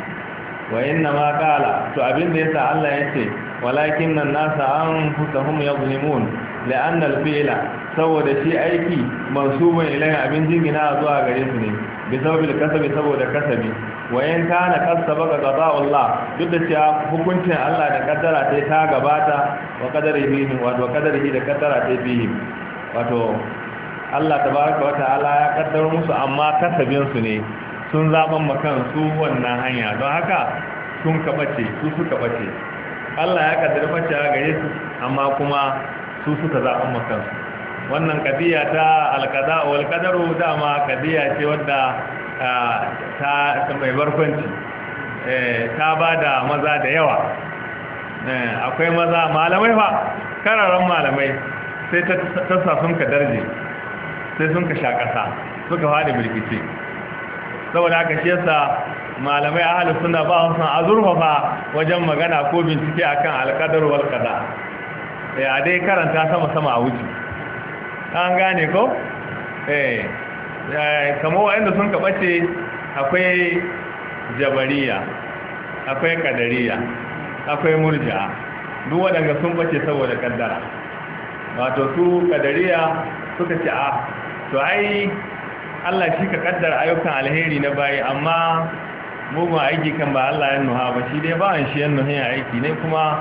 wa inna ma qala to abin da yasa Allah yace walakin nan nasa fusahum yuzlimun لأن الفعل saboda shi aiki mansuban ilayhi abin jingina zuwa gare su ne bi sababil kasabi saboda kasabi wa in kana kasaba ga qada'ullah duk da cewa hukuncin Allah da kaddara ta ta gabata wa qadarihi wa wa qadarihi da kaddara ta bihi wato Allah tabaraka wa ta'ala ya kaddara musu amma kasabin su ne sun zaban makan su wannan hanya don haka sun kabace su suka bace Allah ya kaddara bace gare su amma kuma su suka zaɓen makansu wannan kadiya ta alkaza wal da dama kadiya ce wadda ta mai barkwanci eh, ta ba da maza da yawa eh, akwai maza malamai ba kararan malamai sai ta sa sun ka darje sai sun ka shakasa suka faɗi birkice saboda haka shi yasa malamai ahalus suna ba su azurfafa wajen magana ko bincike akan alkadar wal qada a dai karanta sama-sama a wuce an gane ko? Eh, kama inda sun kaɓace akwai jabariya akwai kadariya akwai murja duk waɗanda sun ɓace saboda kaddara wato su kadariya suka ce a ah, to ai Allah shi ka kaddara ayyukan alheri na bayi amma mugun aiki kan ba Allah ya nuha ba shi dai ba shi ya nuhin aiki ne kuma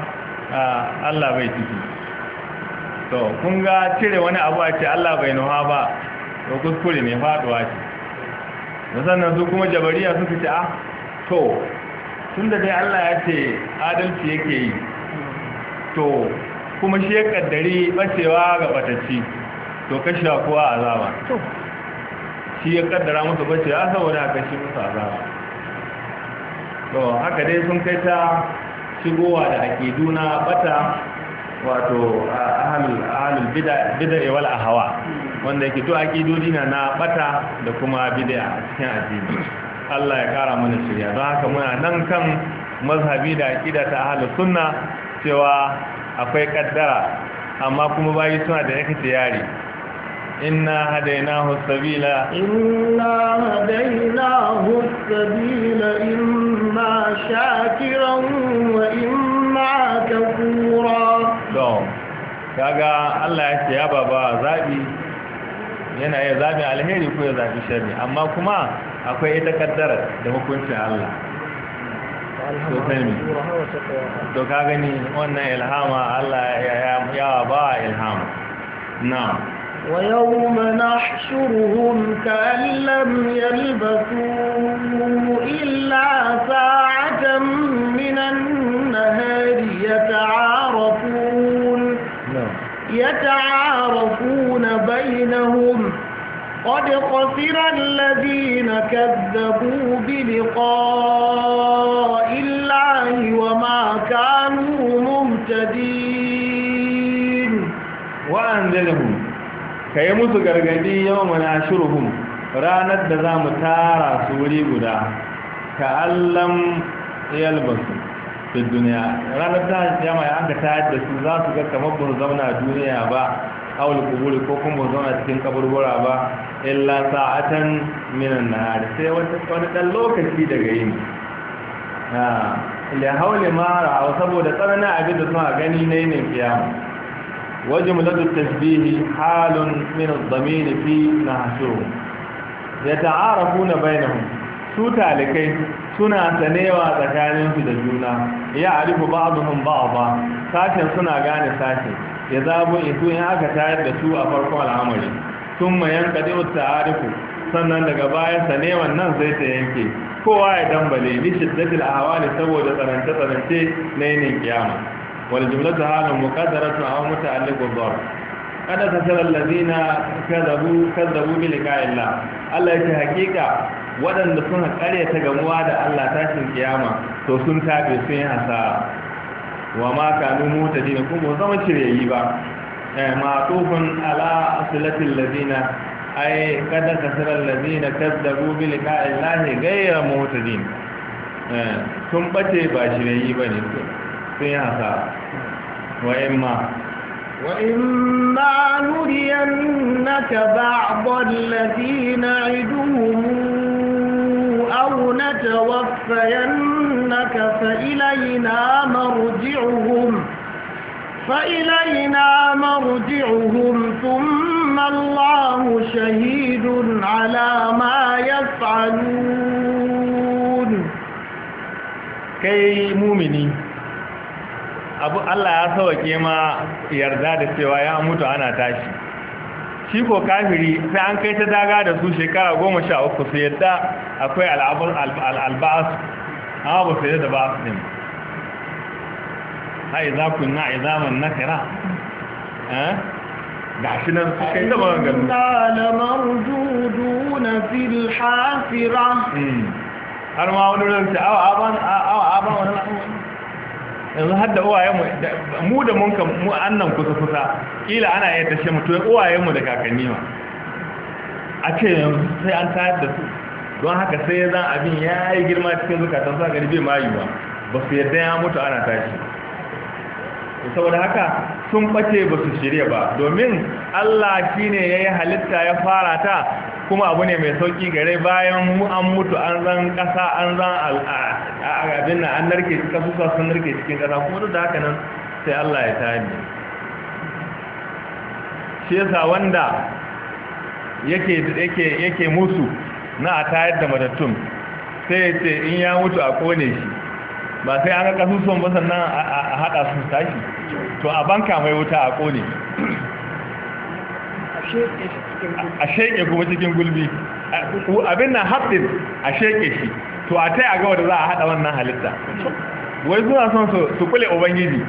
ah, Allah bai ciki to kun ga cire wani abu a ce Allah bai nuha ba to kuskure ne faduwa ce sannan su kuma jabariya suka ce ah to tun da dai Allah ya ce adalci yake yi to kuma shi ya kaddari bacewa ga batacci to kashi kuwa azaba shi ya kaddara musu bacewa saboda a shi musu azaba to haka dai sun kai ta shigowa da ake duna bata wato ahalul bid'a wal hawa, wanda yake duk aqidodi na na bata da kuma a cikin addini Allah ya kara mana shirya don haka muna nan kan mazhabi da aqida ta hala sunna cewa akwai kaddara amma kuma bayi suna da ikhtiyari inna hadaynahu sabila inna hadaynahu sabila imma shakiran wa imma kafura kaga Allah ya ce ya baba zabi yana ya zabi alheri ko ya zabi sharri amma kuma akwai ita kaddara da hukuncin Allah to kai to ka gani wannan ilhama Allah ya ba ilhama na'am ويوم نحشرهم كأن لم يلبثوا إلا ساعة من النهار يتعاملون يتعارفون بينهم قد خسر الذين كذبوا بلقاء الله وما كانوا مهتدين وأنزلهم كي مسكرقدي يوم نعشرهم راند دزام تارا سوري قدا كألم يلبس fi duniya ranar ta kiyama ya an ga da su za su ga kamar ba zauna duniya ba awul kuburi ko kuma zauna cikin kaburbura ba illa sa'atan minan nahar sai wani dan lokaci daga yini da haule mara a saboda tsananin abin da suna gani na yinin kiyama Wajen mulatun tasbihi halun min zamini fi na hashiru ya ta'arafu na bainahu su talikai suna sanewa tsakaninsu da juna ya arifu ba'dhum ba. sashen suna gane sashen ya zabo isu in aka tayar da su a farkon al'amari thumma yanqadi at-ta'arifu sannan daga baya ne wannan zai ta yanke kowa ya dambale ni shiddatil ahwali saboda tsanance tsanance na yinin kiyama wal jumlatu halun muqaddaratu a muta'alliqu dhar kada tasara allazina kadabu kadabu bi liqa'illah Allah ya hakika waɗanda suna ta gamuwa da Allah tashin kiyama to sun tabe sun yi hasara wa ma kanu mota dina kuma zama cireyi ba eh, Ma matufin ala asilatin lazina ai kada kasirar lazina kazzabu bi liqa'i llahi mota mutadin eh, sun bace ba ba ne. sun yi hasara wa imma وإما نرينك بعض الذين نعدون لنتوفينك فإلينا مرجعهم فإلينا مرجعهم shahidun الله شهيد على ما يفعلون كي مؤمني abu Allah ya sauke ma yarda da cewa ya mutu ana tashi shi ko kafiri sai an kai ta daga da su shekara goma sha uku su yadda akwai al'abar al'alba'as amma ba su da ba'as ɗin yi za ku yi na a yi izaman na kira eh? ga shi nan suka yi da maganganu hmm. har ma wani rarrace ce awa aban wani yanzu har da uwayenmu mu da mun kan mu annan kusa-kusa kila ana iya tashe mutu uwayenmu da kakanni ma a ce yanzu sai an tayar da su don haka sai ya zan abin ya yi girma cikin zukatan sa gani bai mayu ba Ba su yadda ya mutu ana tashi saboda haka sun ɓace ba su shirya ba domin allah shi ne ya yi halitta ya fara ta kuma abu ne mai sauƙi gare bayan an mutu an zan ƙasa an zan abin na an narke kasusa sun narke cikin ƙasa kuma duk da haka nan sai allah ya ne shi yasa wanda yake musu na a tayar da matattun sai ya ce in ya mutu a kone shi ba sai an ga son ba sannan a haɗa sun tashi to a banka mai wuta a kone a sheke kuma cikin gulbi abin na haɗin a sheke shi to a tai a gawa da za a haɗa wannan halitta wai suna son su kule ubangiji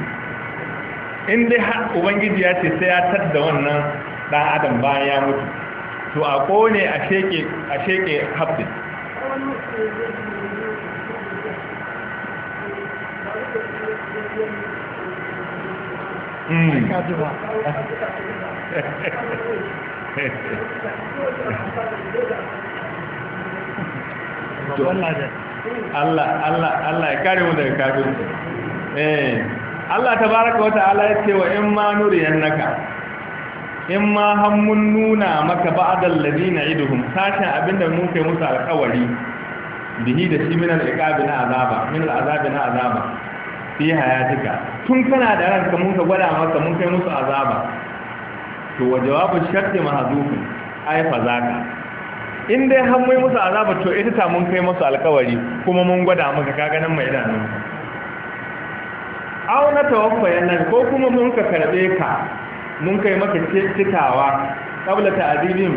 in dai ubangiji ya ce sai ya tadda wannan ɗan adam bayan ya mutu to a kone a sheke a sheke habdin hmm. Allah Allah Allah ya kare mu daga kafirci eh Allah tabaraka wa ta'ala ya ce wa in ma nuriyannaka in ma hammun nuna maka ba'adal ladina iduhum sashen abinda mun kai musu alkawari bihi da shi min al'iqabi na azaba min al'azabi na azaba fi hayatika tun kana da ranka mun ka gwada maka mun kai musu azaba to wa jawabu sharti mahzufun ay fazaka in dai har mai musu azaba to ita ta mun kai musu alkawari kuma mun gwada maka ka ganin mai nan aw na tawaffa yanan ko kuma mun ka karbe ka mun kai maka cikawa ta ta'dibihim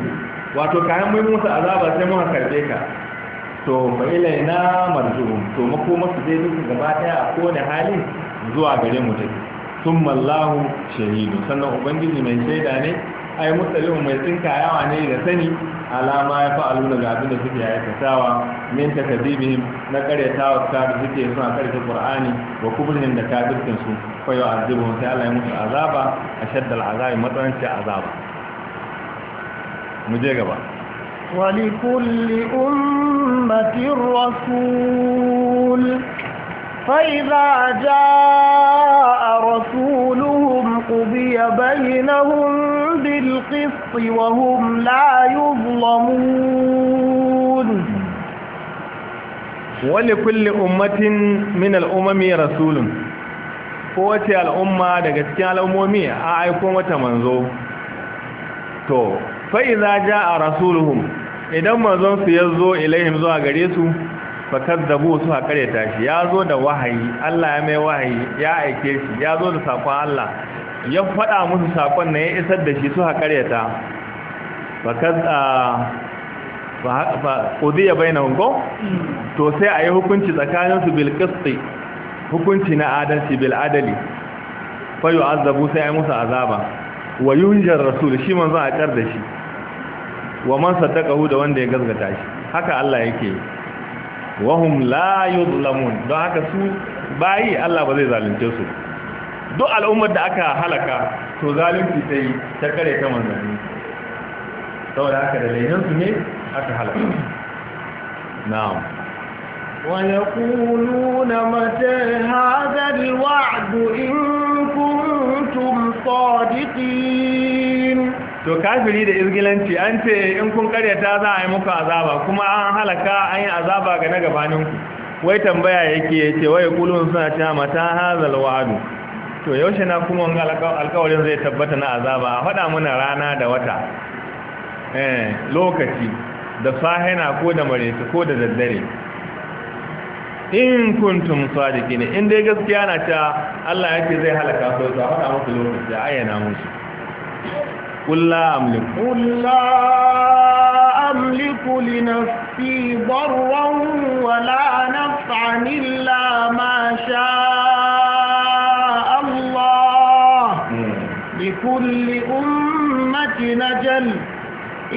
wato kayan mai musu azaba sai mun karbe ka to fa ilaina marzu to mako su dai duk gaba daya a kowane hali zuwa gare mu dai summa Allahu shahidu sannan ubangiji mai shaida ne ai mutsalimu mai tsinka yawa ne da sani alama ya fa'alu daga abin da suke aikatawa min takazibihim na karyatawa ta da suke suna karyata qur'ani wa kubrihim da kafircin su fa yu'azibuhum sai Allah ya musu azaba ashadda al'azabi matsanci azaba mu je gaba wa li kulli ummatin rasul فإذا جاء رسولهم قضي بينهم بالحق وهم لا يظلمون ولكل أمة من الأمم رسول kowace al'umma daga cikin al'ummomi a aiko mata manzo to fa'iza ja a rasuluhun idan manzonsu ya zo ilayhim zuwa gare su fa kazzabu su ya tashi ya zo da wahayi Allah ya mai wahayi ya aike shi ya zo da sakon Allah ya faɗa musu sakon na ya isar da shi su haƙaryata ba ba ya bai na hunko to sai a yi hukunci tsakaninsu bilkisti hukunci na adalci bil'adali fayo azabu sai a yi musu azaba wa yunjar rasul shi manzo a ƙar da shi wa ta ƙahu da wanda ya gazgata shi haka Allah yake wahum la yuzlamun don haka su bayi Allah ba zai zalunce su duk al'ummar da aka halaka to zalunci sai ta kare ta manzanni saboda haka da laininsu ne aka halaka na'am ويقولون متى هذا الوعد in kuntum sadiqin to kafiri da izgilanci an ce in kun karyata za a yi muku azaba kuma an halaka an yi azaba ga na gabaninku wai tambaya yake ce wai kulun suna cewa mata hazal wa'adu to yaushe na kuma wani alkawarin zai tabbata na azaba a faɗa muna rana da wata eh, lokaci da sahina ko da mareci ko da daddare in kuntum sadiki ne in dai gaskiya na ta Allah ya ce zai halaka su a faɗa musu lokaci ayyana musu kulla amliku kulla amliku li nafsi darran wala naf'an illa ma sha'a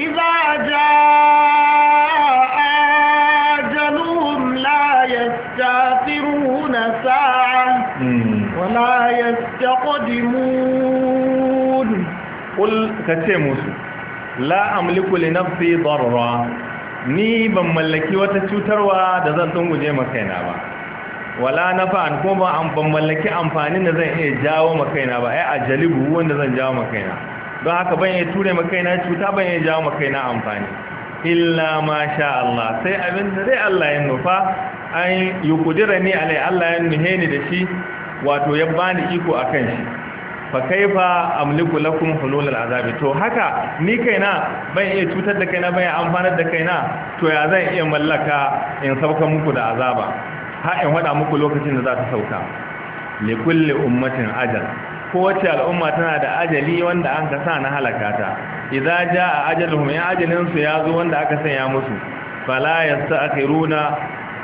إذا جاء آجلهم لا يستاثرون ساعة ولا يستقدمون قل كتموس لا أملك لنفسي ضرا ni ban mallaki wata cutarwa da zan tunguje makaina ba wala nafa'an kuma ban mallaki amfanin da zan iya jawo makaina ba ai ajalibu wanda zan jawo makaina don haka ban yi ture makaina cuta ban yi jawo makaina amfani illa ma sha Allah sai abin da zai Allah ya nufa an yi kudira ni alai Allah ya nuhe ni da shi wato ya bani iko akan shi fa kaifa amliku lakum hulul azabi to haka ni kaina ban iya cutar da kaina ban iya amfanar da kaina to ya zan iya mallaka in sauka muku da azaba har in wada muku lokacin da za ta sauka li kulli ummatin ajal kowace al'umma tana da ajali wanda an ka sa na halaka ta idza jaa ajaluhum ya ajalin su ya zo wanda aka sanya musu fala yasta'khiruna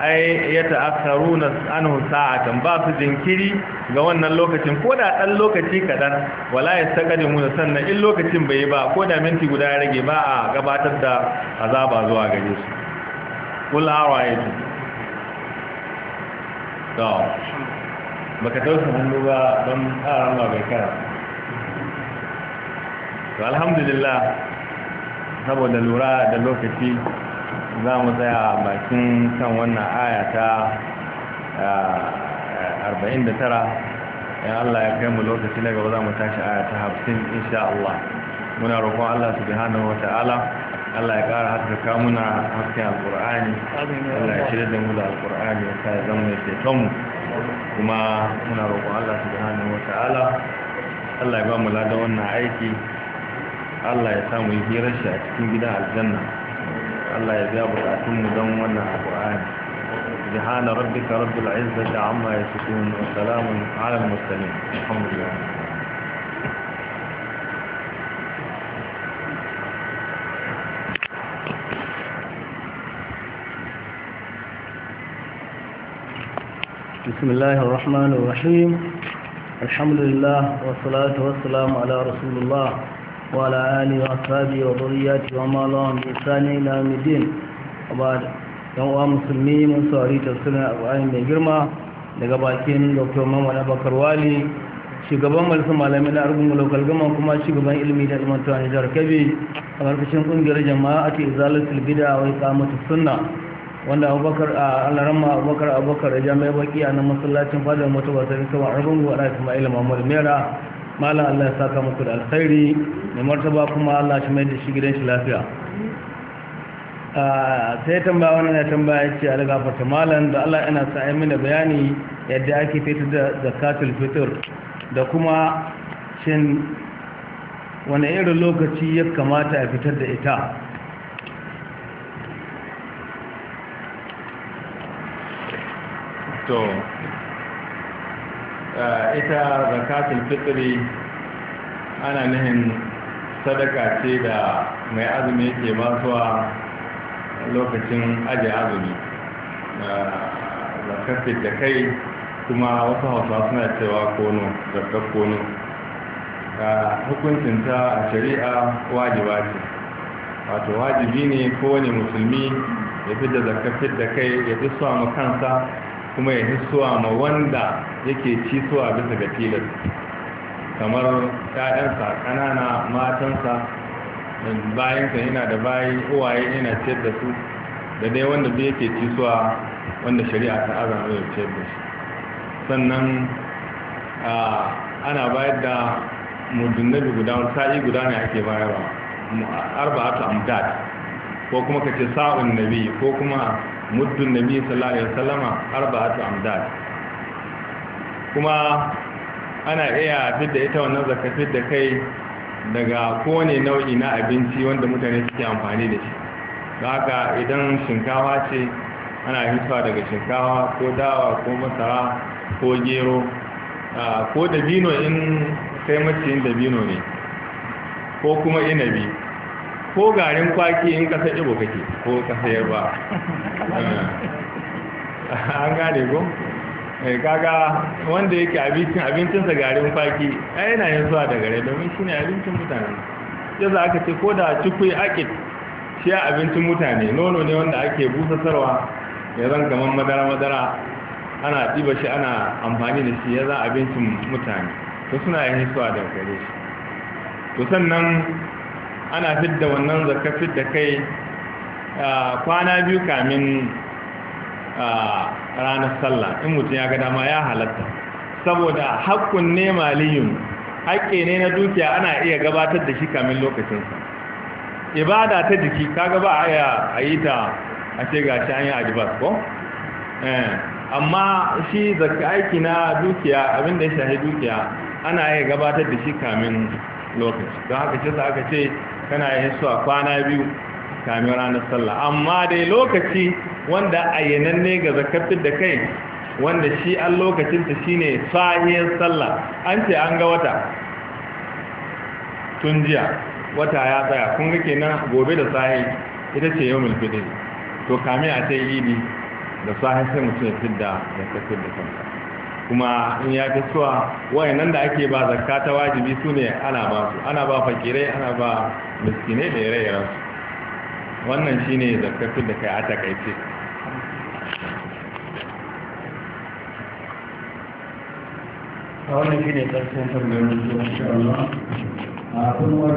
ay yata'akharuna anhu sa'atan ba su jinkiri ga wannan lokacin ko da dan lokaci kadan wala yastaqdimuna sannan in lokacin bai ba ko da minti guda ya rage ba a gabatar da azaba zuwa gare su baka tausa hannu ba don ƙara ma bai kara to alhamdulillah saboda lura da lokaci za mu tsaya bakin kan wannan aya ta 49 in Allah ya kai mu lokaci na gaba za mu tashi aya ta 50 insha Allah muna roƙon Allah subhanahu wa ta'ala Allah ya ƙara haskaka muna hasken alƙur'ani Allah ya shirya da mu da alƙur'ani ya sa ya zama ya ceton mu kuma muna roƙon Allah subhanahu wata'ala Allah ya ba mu lada wannan aiki Allah ya samu yi hirar shi a cikin gidan aljanna Allah ya biya bukatun mu don wannan alƙur'ani subhana rabbika rabbil izzati amma yasifun wa salamun ala al-mursalin alhamdulillah بسم الله الرحمن الرحيم الحمد لله والصلاة والسلام على رسول الله وعلى آله وأصحابه وذرياته وما لهم بإحسان إلى يوم الدين وبعد يوم مسلمين من سوري تفسير القرآن من جرمة daga bakin Dr. Muhammad Abubakar Wali shugaban malisan malamai na argun lokal kuma shugaban ilimi da ilmantuwa na jihar Kebbi a ƙarƙashin ƙungiyar jama'a ta izalatul bid'a wa wanda abubakar a alarama abubakar abubakar da jami'ai baki a nan masallacin fadar mutuwa sai kawa argungu da rafi ma'il mahmud mera malam allah ya saka muku da alkhairi mai martaba kuma allah shi mai da shi gidan shi lafiya sai tambaya wani ya tambaya ce a daga fata malam da allah yana sa mini bayani yadda ake fitar da zakatul fitr da kuma shin wani irin lokaci ya kamata a fitar da ita to ita zakatul fitri ana nihin sadaka ce da mai azumi ke masuwa lokacin ajiye azumi zakar da kai kuma wasu hausa suna cewa kono zakar kono hukuncinta a shari'a wajiba ce wato wajibi ne kowane musulmi ya fi da zakar da kai ya fi sa kansa kuma ya hisuwa ma wanda yake ci suwa bisa ga tilas kamar ƴaƴansa ƙanana matansa bayansa yana da bayi uwaye yana ciyar da su da dai wanda zai yake ci suwa wanda shari'a ta azama ya ciyar da shi sannan ana bayar da mujinnabi guda sa'i guda ne ake bayarwa arba'atu amdad ko kuma kace sa'un nabi ko kuma muddun nabi sallallahu alaihi wasallama arba'atu amdad kuma ana iya fidda ita wannan zakka da kai daga kowane nau'i na abinci wanda mutane suke amfani da shi haka idan shinkawa ce ana hitowa daga shinkawa ko dawa ko masara ko gero ko dabino in kai yin dabino ne ko kuma inabi ko garin kwaki in kasar ibo kake ko kasar ba. Ah, an gane ko eh, kaga wanda yake abincin abincinsa garin kwaki a yana yin zuwa da gare domin shi ne abincin mutane ya za aka ce ko da cikin akid shi abincin mutane nono ne wanda ake sarwa ya zan kamar madara-madara ana diba shi ana amfani da shi ya za abincin mutane to suna yin hisuwa da gare shi to sannan ana fidda wannan zaka fidda kai kwana biyu kamin ranar sallah in mutum ya gada ma ya halatta saboda haƙƙun ne maliyun haƙƙe ne na dukiya ana iya gabatar da shi kamin lokacinsa ibada ta jiki kaga ba a yi ta a ce ga shi an yi ajibas ko? Eh, amma shi zaka aiki na dukiya abinda ya shahi dukiya ana iya gabatar da shi kamin lokaci don haka ce za aka ce kana yi su a kwana biyu kamin ranar sallah amma dai lokaci wanda ayyanan ne ga zakatun da kai wanda shi an lokacinta shine sahiyar sallah an ce an ga wata tun jiya wata ya tsaya kun ga kenan gobe da sahi ita ce yau mulfidin to kamin a ce yi da sahi sai mutum ya fidda da da kanta kuma in ya fi waye wayannan da ake ba zakka ta wajibi su ne ana ba su ana ba fakirai ana ba miskinai da yare iren su wannan shi ne zakkatun da kai a takaice a wannan shi ne tsarkin tambayin zuwa Allah